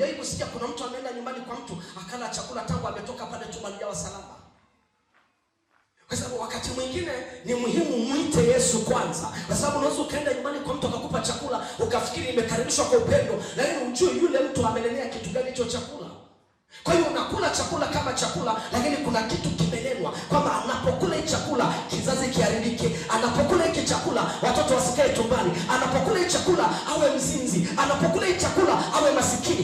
Hujawahi kusikia kuna mtu ameenda nyumbani kwa mtu akala chakula tangu ametoka pale chumba alijawa salama? Kwa sababu wakati mwingine ni muhimu mwite Yesu kwanza, kwa sababu unaweza ukaenda nyumbani kwa mtu akakupa chakula ukafikiri imekaribishwa kwa upendo, lakini ujue yule mtu amelelea kitu gani hicho chakula. Kwa hiyo unakula chakula kama chakula, lakini kuna kitu kimelenwa kwamba anapokula hii chakula kizazi kiharibike, anapokula hiki chakula watoto wasikae tumbani, anapokula hii chakula awe mzinzi, anapokula hii chakula awe masikini.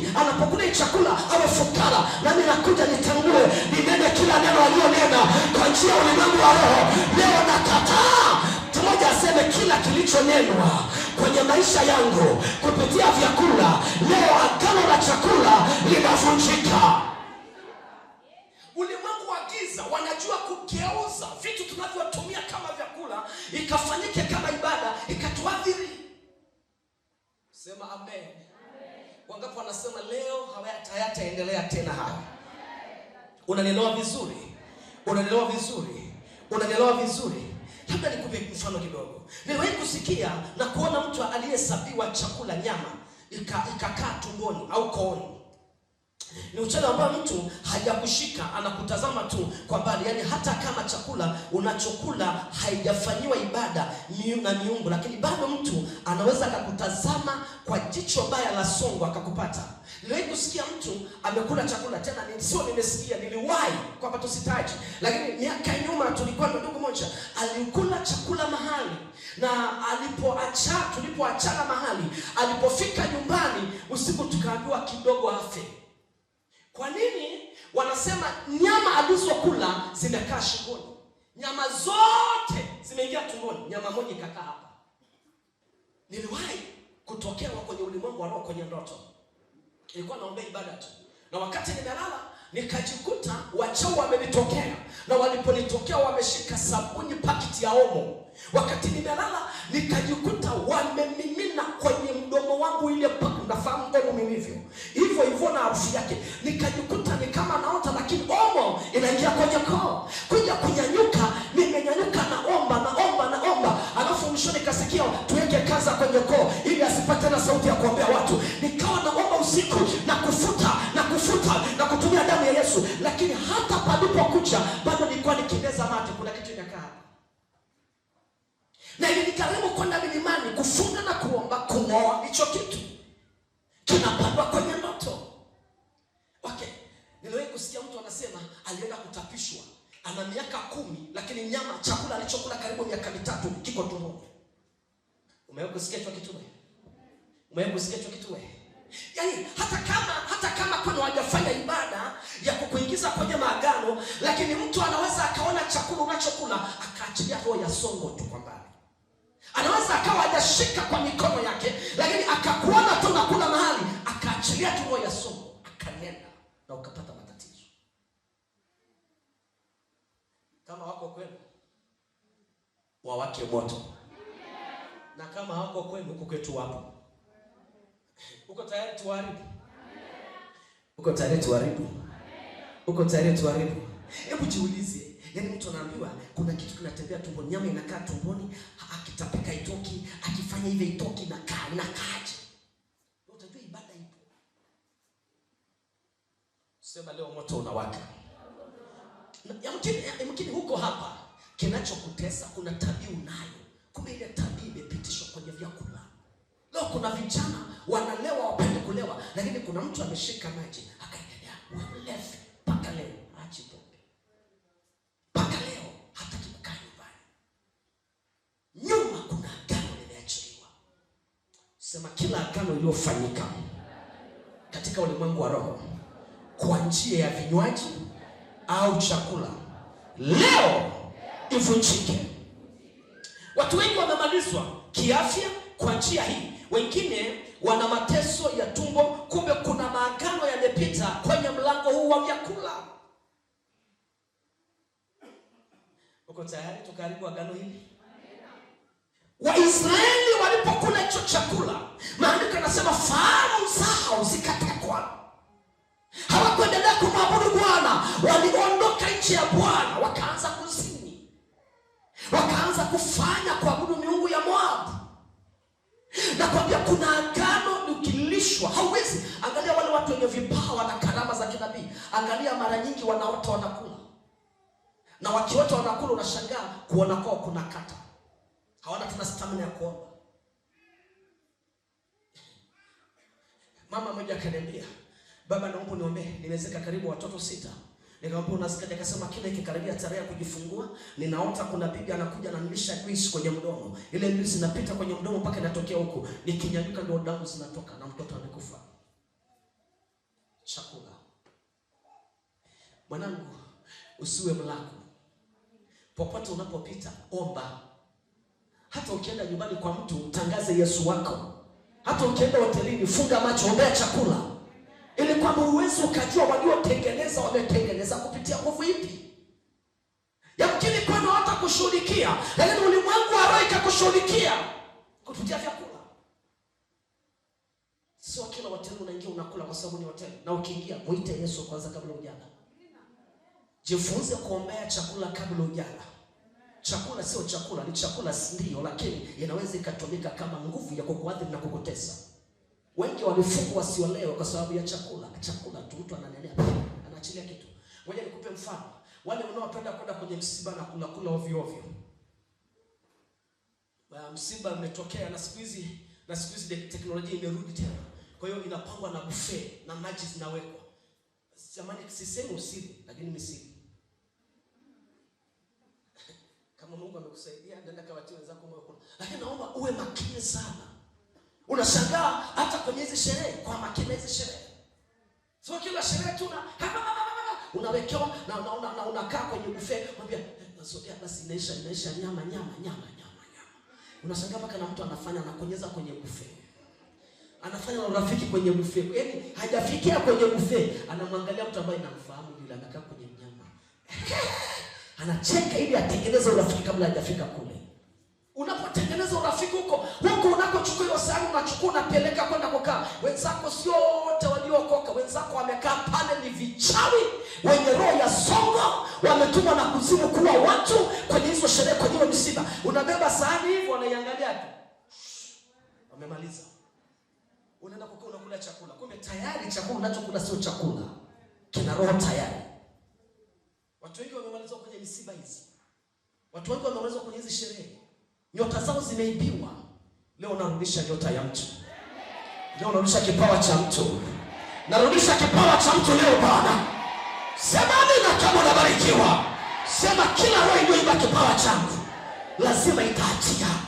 wa roho leo nakataa tumoja aseme kila kilichonenwa kwenye maisha yangu kupitia vyakula leo agano la chakula linavunjika ulimwengu wa giza wanajua kugeuza vitu tunavyotumia kama vyakula ikafanyike kama ibada ikatuadhiri sema amen, amen. wangapo wanasema leo hayataendelea tena haya unanielewa vizuri unanielewa vizuri Unanielewa vizuri? Labda nikupe mfano kidogo. Niliwahi kusikia na kuona mtu aliyesabiwa chakula nyama ikakaa ika tumboni au kooni ni uchawi ambao mtu hajakushika, anakutazama tu kwa bali yaani hata kama chakula unachokula haijafanyiwa ibada na miungu, lakini bado mtu anaweza akakutazama kwa jicho baya la songo akakupata. Niliwahi kusikia mtu amekula chakula tena, sio nimesikia, niliwahi kwamba tusitaji, lakini miaka nyuma tulikuwa na ndugu moja alikula chakula mahali na alipoacha, tulipoachana mahali, alipofika nyumbani usiku tukaambiwa kidogo afe. Kwa nini wanasema nyama alizokula zimekaa shingoni? Nyama zote zimeingia tumboni, nyama moja ikakaa hapa. Niliwahi kutokewa kwenye ulimwengu wa roho kwenye ndoto. Nilikuwa naombea ibada tu, na wakati nimelala nikajikuta wachawi wamenitokea, na waliponitokea wameshika sabuni pakiti ya omo. Wakati nimelala nikajikuta wamemimina kwenye mdomo wangu ile, nafahamu mdomo nilivyo hivyo hivyo na harufu yake, nikajikuta ni kama naota, lakini omo inaingia kwenye koo, kuja kunyanyuka. Nimenyanyuka, naomba naomba naomba, alafu mwisho nikasikia tuweke kaza kwenye koo ili asipate na sauti ya kuombea watu. Nikawa naomba usiku na kufuta na kufuta na kutumia damu ya Yesu, lakini hata kucha bado nilikuwa nikideza mate, kuna kitu inakaa na ili nikaribu kwenda milimani kufunga na kuomba kung'oa hicho kitu. alienda kutapishwa, ana miaka kumi, lakini nyama, chakula alichokula karibu miaka mitatu kiko tumboni. Umewahi kitue Yaani hata kama hata kama kwenye wajafanya ibada ya kukuingiza kwenye maagano, lakini mtu anaweza akaona chakula unachokula akaachilia roho ya songo tu kwa mbali. Anaweza akawa ajashika kwa mikono yake, lakini akakuona tu nakula mahali, akaachilia tu roho ya songo, akanena na ukapata Kama wako kwenu wawake moto, na kama hawako kwenu huko kwetu wapo. Uko tayari tuharibu? Uko tayari tuharibu? Uko tayari tuharibu? Hebu jiulize. Yaani mtu anaambiwa kuna kitu kinatembea tumboni, nyama inakaa tumboni, akitapika itoki, akifanya ile itoki, inakaa inakaaje? Utajua ibada ipo. Sema leo moto unawaka yamkini, huko hapa kinachokutesa kuna tabia unayo, kumbe ile tabia imepitishwa kwenye vyakula. lo kuna vijana wanalewa, wapende kulewa, lakini kuna mtu ameshika maji akaendelea, wewe levi mpaka leo, maji pombe mpaka leo, hata kukaa nyumbani. Nyuma kuna agano limeachiliwa, sema kila agano iliyofanyika katika ulimwengu wa roho kwa njia ya vinywaji au chakula leo ivunjike. Watu wengi wamemalizwa kiafya kwa njia hii, wengine wana mateso ya tumbo. Kumbe kuna maagano yamepita kwenye mlango huu wa vyakula. Uko tayari tukaribu agano hili? Waisraeli walipokula hicho chakula, maandiko yanasema fahamu zao zika watu wenye vipawa na karama za kinabii, angalia, mara nyingi wanaota wanakula, na wakiota wanakula, unashangaa kuona kwao kuna kata, hawana tena stamina ya kuomba. Mama mmoja akaniambia, baba, naomba uniombee, nimezeka karibu watoto sita. Nikamwambia unasikia? Akasema kila ikikaribia tarehe ya kujifungua, ninaota kuna bibi anakuja ananilisha juice kwenye mdomo. Ile juice inapita kwenye mdomo mpaka inatokea huku Nikinyanyuka ndio damu zinatoka na mtoto amekufa chakula. Mwanangu, usiwe mlaku. Popote unapopita omba. Hata ukienda nyumbani kwa mtu utangaze Yesu wako. Hata ukienda hotelini funga macho, ombea chakula, ili kwamba uweze ukajua waliotengeneza wametengeneza kupitia nguvu ipi. Yamkini kwenu hata kushughulikia, lakini ulimwengu wa roho ikakushughulikia kupitia vyakula Sio kila hoteli unaingia unakula kwa sababu ni hoteli. Na ukiingia muite Yesu kwanza kabla hujala. Jifunze kuombea chakula kabla hujala. Chakula sio chakula, ni chakula ndio, lakini inaweza ikatumika kama nguvu ya kukuadhiri na kukutesa. Wengi walifungwa wasiolewa kwa sababu ya chakula. Chakula tu mtu ananenea, anaachilia kitu. Ngoja nikupe mfano. Wale unaopenda kwenda kwenye msiba na kula kula ovyo ovyo. Msiba umetokea na siku hizi na siku hizi teknolojia imerudi tena. Kwa hiyo inapangwa na buffet na maji zinawekwa. Jamani, sisemi usili, lakini misili kama Mungu amekusaidia nenda kawatie wenzako moyo kuna. Lakini naomba uwe makini sana. Unashangaa hata kwenye hizi sherehe kwa makini hizi sherehe. Sio kila sherehe tu na unawekewa na unaona na unakaa kwenye buffet mwambia nasotea basi inaisha inaisha nyama nyama nyama nyama nyama. Unashangaa mpaka na mtu anafanya anakonyeza kwenye buffet anafanya urafiki kwenye bufe, yaani hajafikia kwenye bufe, anamwangalia mtu ambaye namfahamu yule amekaa kwenye mnyama anacheka ili atengeneze urafiki kabla hajafika kule. Unapotengeneza urafiki huko huko unakochukua hiyo sahani, unachukua unapeleka kwenda kukaa wenzako. Sio wote waliokoka, wenzako wamekaa pale ni vichawi wenye roho ya songo, wametumwa na kuzimu kuwa watu kwenye hizo sherehe, kwenye hiyo msiba. Unabeba sahani hivi wanaiangalia tu, wamemaliza unaenda kukaa unakula chakula, kumbe tayari chakula unachokula sio chakula, kina roho tayari. Watu wengi wamemalizwa kwenye misiba hizi, watu wengi wamemalizwa kwenye hizi sherehe, nyota zao zimeibiwa. Leo narudisha nyota ya mtu, leo narudisha kipawa cha mtu, narudisha kipawa cha mtu leo. Bwana sema amina kama unabarikiwa, sema kila roho iliyoiba kipawa changu lazima itaachia